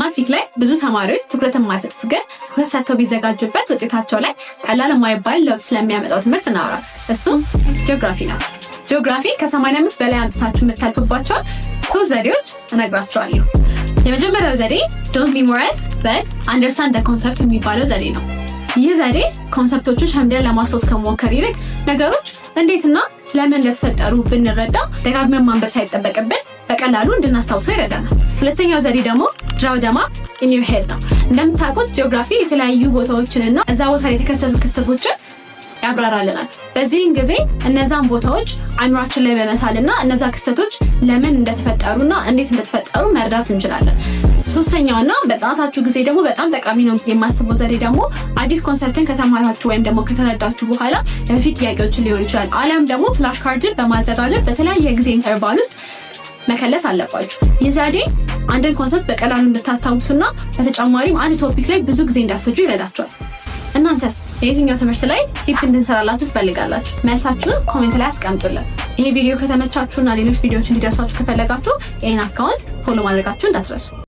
ማትሪክ ላይ ብዙ ተማሪዎች ትኩረትን ማሰጡት ግን ትኩረት ሰጥተው ቢዘጋጁበት ውጤታቸው ላይ ቀላል የማይባል ለውጥ ስለሚያመጣው ትምህርት እናወራል። እሱም ጂኦግራፊ ነው። ጂኦግራፊ ከ85 በላይ አምጥታችሁ የምታልፉባቸውን ሶስት ዘዴዎች እነግራቸዋለሁ። የመጀመሪያው ዘዴ ዶንት ሜሞራይዝ በት አንደርስታንድ ኮንሰፕት የሚባለው ዘዴ ነው። ይህ ዘዴ ኮንሰፕቶቹ ሸምደን ለማስታወስ ከመሞከር ይልቅ ነገሮች እንዴትና ለምን እንደተፈጠሩ ብንረዳ ደጋግመን ማንበብ ሳይጠበቅብን በቀላሉ እንድናስታውሰው ይረዳናል። ሁለተኛው ዘዴ ደግሞ ድራውደማ ኢንዩሄድ ነው። እንደምታውቁት ጂኦግራፊ የተለያዩ ቦታዎችንና እዛ ቦታ ላይ የተከሰቱ ክስተቶችን ያብራራልናል። በዚህም ጊዜ እነዛን ቦታዎች አይምሯችን ላይ በመሳልና እነዛ ክስተቶች ለምን እንደተፈጠሩና እንዴት እንደተፈጠሩ መረዳት እንችላለን። ሶስተኛውና በጥናታችሁ ጊዜ ደግሞ በጣም ጠቃሚ ነው የማስበው ዘዴ ደግሞ አዲስ ኮንሰፕትን ከተማራችሁ ወይም ደግሞ ከተረዳችሁ በኋላ የበፊት ጥያቄዎችን ሊሆን ይችላል አሊያም ደግሞ ፍላሽ ካርድን በማዘጋጀት በተለያየ ጊዜ ኢንተርቫል ውስጥ መከለስ አለባችሁ። ይህ ዘዴ አንድን ኮንሰፕት በቀላሉ እንድታስታውሱና በተጨማሪም አንድ ቶፒክ ላይ ብዙ ጊዜ እንዳትፈጁ ይረዳችኋል። እናንተስ የየትኛው ትምህርት ላይ ቲፕ እንድንሰራላችሁ ትፈልጋላችሁ? መልሳችሁን ኮሜንት ላይ አስቀምጡልን። ይሄ ቪዲዮ ከተመቻችሁና ሌሎች ቪዲዮዎች እንዲደርሳችሁ ከፈለጋችሁ ይህን አካውንት ፎሎ ማድረጋችሁ እንዳትረሱ።